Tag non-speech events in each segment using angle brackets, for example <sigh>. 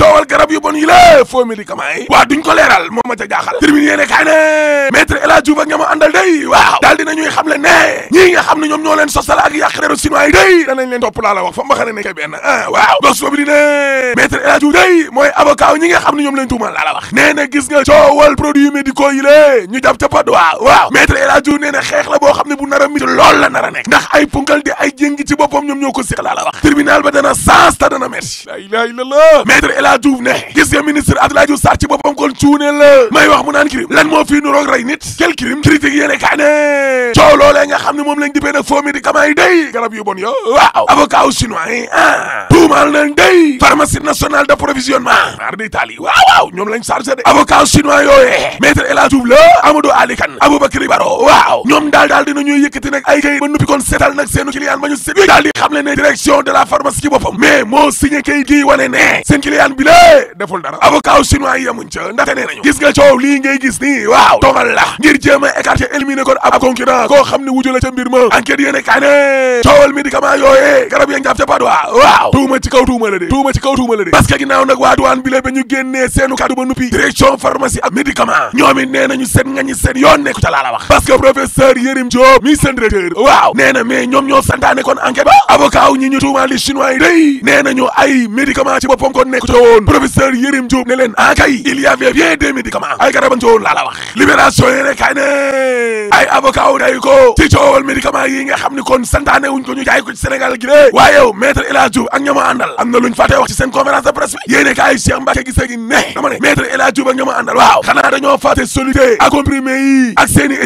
coowal garab yu bon yi la faux waa duñ ko leeral moom ma ca jaaxal termine yéene kaay ne El Hadji Diouf ñama àndal day waaw daal dina ñuy xam le ne ñii nga xam ne ñoom ñoo leen sosal ak yàq deru chinois yi day leen topp laa la wax fa mbaxa ne nekke ah waaw bos boobu di ne El Hadji day mooy avocat ñi nga xam ne ñoom leen tuumal laa la wax nee na gis nga coowal produits médicaux yi la ñu jàpp ca waaw waaw El Hadji nee na xeex la boo xam ne bu nar la nar a nekk ndax ay punkal di ay jéngi ci boppam ñoom ñoo ko séq laa la wax tribunal ba dana sens ta dana metti la ilaha illallah maître El a Diouf ne gis nga ministre Abdoulaye Diouf Sarr ci boppam kon cuune la may wax mu naan crime lan moo fii nuroog rey nit quel crime critique yéene kaa ne coow loolee xam ne moom lañ dipee nag foo médicament yi day yu bon yo waaw avocat u chinois yi ah tuumaal nañ day pharmacie nationale d'approvisionnement mar d' Italie waaw waaw ñoom ñoom daal liggéey ba nuppi kon seetal nag seenu client ba ñu sit wi daal di xam le ne direction de la pharmacie ci boppam mais moo signé kayit gii wane ne seen client bi lée deful dara avocat u chinois yi yemuñ ca ndaxte nee nañu gis nga coow lii ngay gis nii waaw tongal la ngir jéem a écarter éliminer kon ab concurrent koo xam ne wuju la ca ma enquête yéene kaa ne coowal médicament yooyee garab ya njàpp ca paduwaa waaw tuuma ci kaw tuuma la de tuuma ci kaw tuuma la de waaw nee na mais ñoom santaane kon enquête ba avocat wu ñi ñu chinois day nee nañu ay médicament ci boppam kon nekk ci woon professeur ah kay il day ko ci coowal médicament yi nga xam ni kon santaane wuñ ko ñu jaay Sénégal gi de waaye yow maître El ak ñama àndal am na luñ fàtte wax ci seen conférence de presse bi yéene kay Cheikh Mbacke gisee gi ne dama ne maître ak ñama àndal waaw xanaa dañoo fàtte soluté ak comprimé yi ak seeni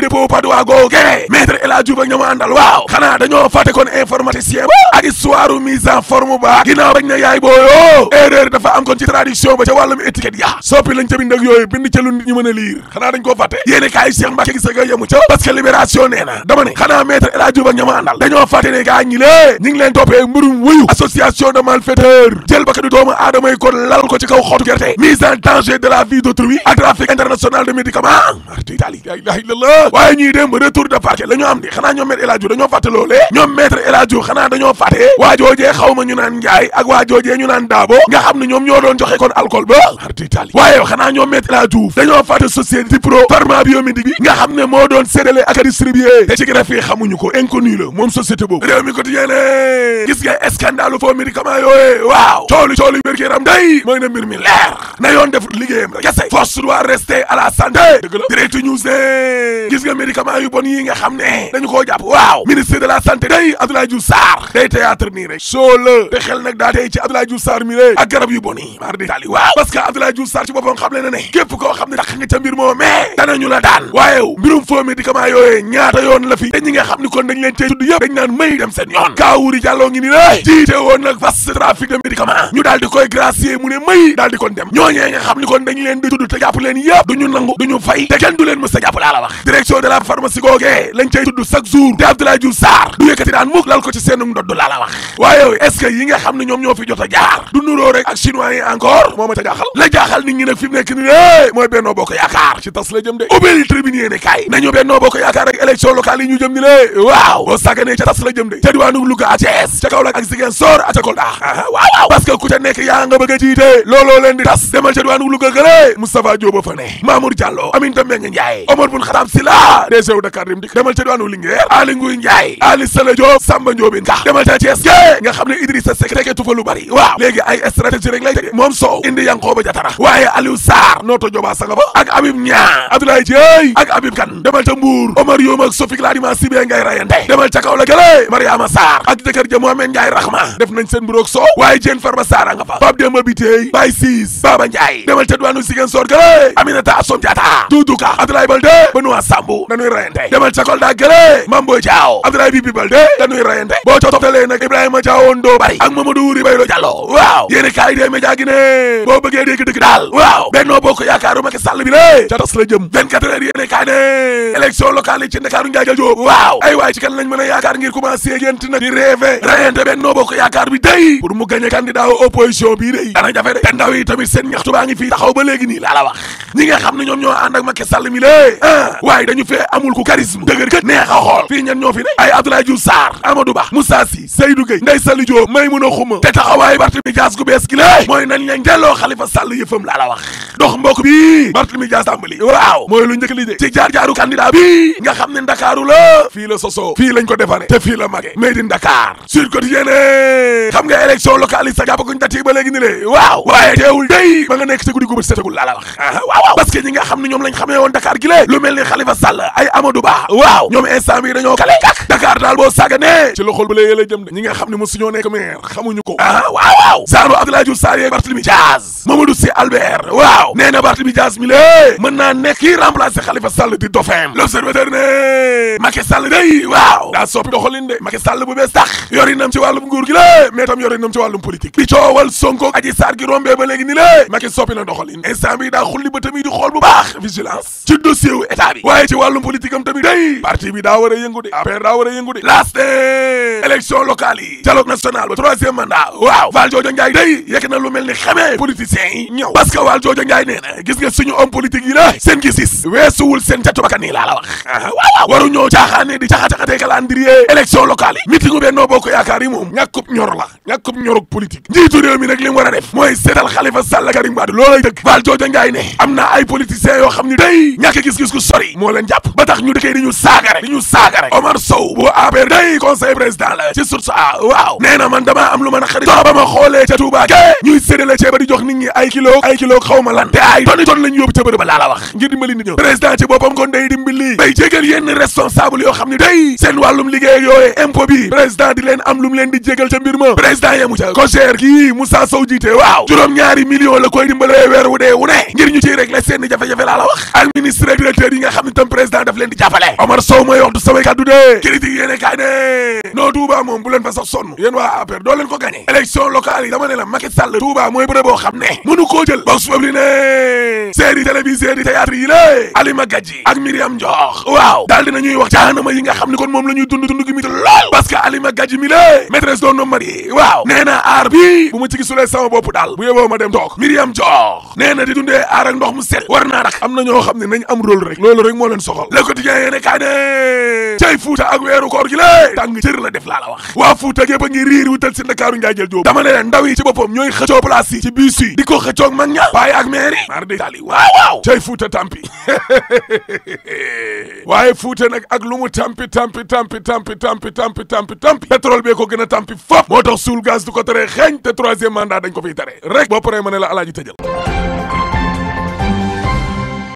ci dépôt Padois googe maître El Hadji Diouf ak ñamu àndal waaw xanaa dañoo fàtte kon informaticien ba ak histoire mise en forme ba ginnaaw bañ na yaay booyo erreur dafa am kon ci traduction ba ca wàllum étiquette ya soppi lañ ca bind yooyu bind ca lu a liir xanaa dañ koo fàtte yéene kaay Cheikh Mbacke gis nga ca parce que libération nee na dama ne xanaa maître El dañoo fàtte ne gaa ñi lée leen toppee mbirum wuyu association de malfaiteurs la ilaha illallah waaye ñuy dem retour de parquet la ñu am di xanaa ñoom maître El Hadji Diouf dañoo fàtte loolee ñoom maître El Hadji Diouf xanaa dañoo fàtte waa joojee ñu naan Njaay ak waa ñu naan Daabo nga xam ne ñoom ñoo doon joxe kon alcool ba ardi tali waaye yow ñoom maître El Hadji Diouf dañoo fàtte société Dipro Pharma Biomédique bi nga xam ne moo doon séddale ak a distribué te ci greffe yi xamuñu ko inconnu la moom société boobu réew mi la santé direct news ne gis nga médicament yu bon yi nga xam ne dañu koo jàpp waaw ministre de la santé day Abdoulaye Diouf day théâtre nii rek soo la te xel nag daa ci Abdoulaye Diouf mi rek ak garab yu bon yi mar di tali waaw parce que Abdoulaye ci boppam xam le ne képp koo xam ne tax nga ca mbir moo mais danañu la daan waaye mbirum faux médicament yooyee ñaata yoon la fi te nga xam ni kon dañ leen cey tudd yëpp dañ naan may dem seen yoon kaawuri jàlloo ngi ni lé a jàpp laa la wax direction de la pharmacie googee lañ cay tudd chaque jour te Abdoulaye Diouf Sarr du yëkkati daan mukk lal ko ci seen ndodd laa la wax waaye est-ce que yi ñoom ñoo jot a jaar du nuroo rek ak chinois yi encore moo ma ca jaaxal la jaaxal nit ñi nag fi nekk ni ne mooy bennoo bokk yaakaar ci tas la jëm de waaw waaw waaw ku ca nekk yaa nga bëgg a jiite looloo di tas demal ca diwaanu Louga gële Moustapha Diop fa ne Mamour Diallo Aminata Mbengue Ndiaye Omar bun Xataab Sila DG wu Dakar Dem Dikk demal ca diwaanu Linguère Aly Ngouille Ndiaye Aly Sala Diop Samba Ndiobène Ka demal ca Thiès ge nga xam ne Idrissa Seck tegeetu fa lu bari waaw léegi ay stratégie rek lay tege moom Sow indi Yankhoba Diattara waaye Aliou Sarr nooto jobaa sanga ba ak Habib Niang Abdoulaye ak Habib Kane demal ca Mbour Omar Youm ak Sophie Gladima Sibé ngay rayante demal ca Kaolack gële Mariama Sarr ak jëkkër ja Mohamed Ndiaye Rahma def nañ seen buroog Sow waaye Diène Farba Sarr nga de ma Sambu dañuy rayante demal ca Kolda gëlé Mame Boye Diao Abdoulaye Bibi Baldé dañuy rayante boo ca toftalee nag Ibrahima Diawo Ndo Bari ak Mamadou Wuri Baylo Diallo waaw yéeni kaay dee média gi ne boo bëggee dégg dëgg daal waaw Benno Bokk Yaakaaru Macky Sall bi lé ca tas la jëm 24 heures yéeni kaay ne élection locale yi ci Ndakaaru njaajal jóob waaw ay waay ci kan lañ mën a yaakaar ngir commencé gént nag di rêvé rayante Benno waaye dañu fee amul ku charisme dëgër kët neex a xool fii ñen ñoo fi ne ay Abdoulaye Diouf Sarr Amadou Ba Moussa Sy Seydou Gueye Ndeye Sali Diop Maymouna Xuma te taxawaayu Barthélémy Dias gu bees gi la mooy nañ leen delloo Khalifa Sall yëfam laa la wax dox mbokk bi Barthélémy Dias tàmbali waaw mooy lu njëkk li de ci jaar jaaru candidat bi nga xam ne Ndakaaru la fii la sosoo fii lañ ko defare te fii la mage made in Dakar sur quotidien xam nga élection locale Khalifa Sall ay Amadou waaw ñoom instant bi dañoo kale kak Dakar daal boo sàgganee ci loxol ba léegi la jëm de ñi nga xam ne mosuñoo nekk maire xamuñu ko ah waaw waaw Zano Abdoulaye Diouf Sarr yeeg Barthélémy Diaz Mamadou Sy Albert waaw nee na Barthélémy Diaz mi lée mën naa nekk kii remplacer Khalifa Sall di dauphin l'observateur ne Macky Sall day waaw daa soppi doxalin de Macky Sall bu bees tax yorinam ci wàllum nguur gi la mais tam yorinam ci wàllum politique bi coowal Sonko Adji Sarr gi rombee ba léegi ni lée Macky soppi na doxalin instant bi daa xulli ba tamit di xool waaye ci wàllum politique am tamit day parti bi daa war a yëngu de affaire daa war yëngu de last élection locale yi dialogue ba troisième mandat waaw Val Joojo Njaay day yekk na lu mel ni xamee politiciens yi ñëw parce que Val Joojo Njaay nee na gis nga gis-gis weesuwul seen càccu bakkan yi laa wax waaw waru ñoo caaxaane di caxa-caxatee calendrier élection locale yi meeting u Benno Bokk Yaakaar yi moom ñàkkub ñor la ñàkkub ñorug politique njiitu réew mi nag li mu a moo leen jàpp tax ñu di ñu saaga rek di ñu xaw lan yoo xam ne day seen wàllum liggéey yooyee impôt bi président di leen am lu mu leen di jégal ca mbir ma président yemu ca kocère kii Moussa Sow jiite waaw juróom-ñaari million la koy dimbalee weer wu dee wu ne ngir ñu ciy régler seen jafe-jafe laa la wax ak ministre directeur yi nga xam ne tam président daf leen di jàppale Omar Sow mooy wax du samay kàddu de critique yéene kaay ne non Touba moom bu leen fa sax sonn yéen waa APR doo ko gagné élection locale yi dama ne la Macky Sall Touba mooy bërëb boo xam ne mënu koo jël box fabli ne série télévisée di théâtre yi lée Alima Gadji ak Myriam Ndiokh waaw daal dinañuy wax jaanama yi nga xam ne kon moom la ñuy dund dund gi mi lée maîtresse d'un homme marié waaw nee na aar bi bu ma ci gisulee sama bopp daal bu ma dem toog Myriam aar ak ndox quotidien yéene kaa ne cay Fuuta ak weeru koor gi lée tàng jër la def laa la wax waa Fuuta gépp a ngi riir wutal si Ndakaaru njaajël jóob dama ne leen ndaw yi ci boppam ñooy xëccoo place yi ci bus yi di ko xëccoog mag ña bàyyi ak mairie mar de tali waaw waaw cay Fuuta tampi <laughs> waaye Fuuta nag ak lu mu tampi tampi tampi tampi tampi tampi tampi tampi pétrole bee ko gën a tampi fop moo tax suul gaz du ko tere xeeñ te troisième mandat dañ ko fiy tere rek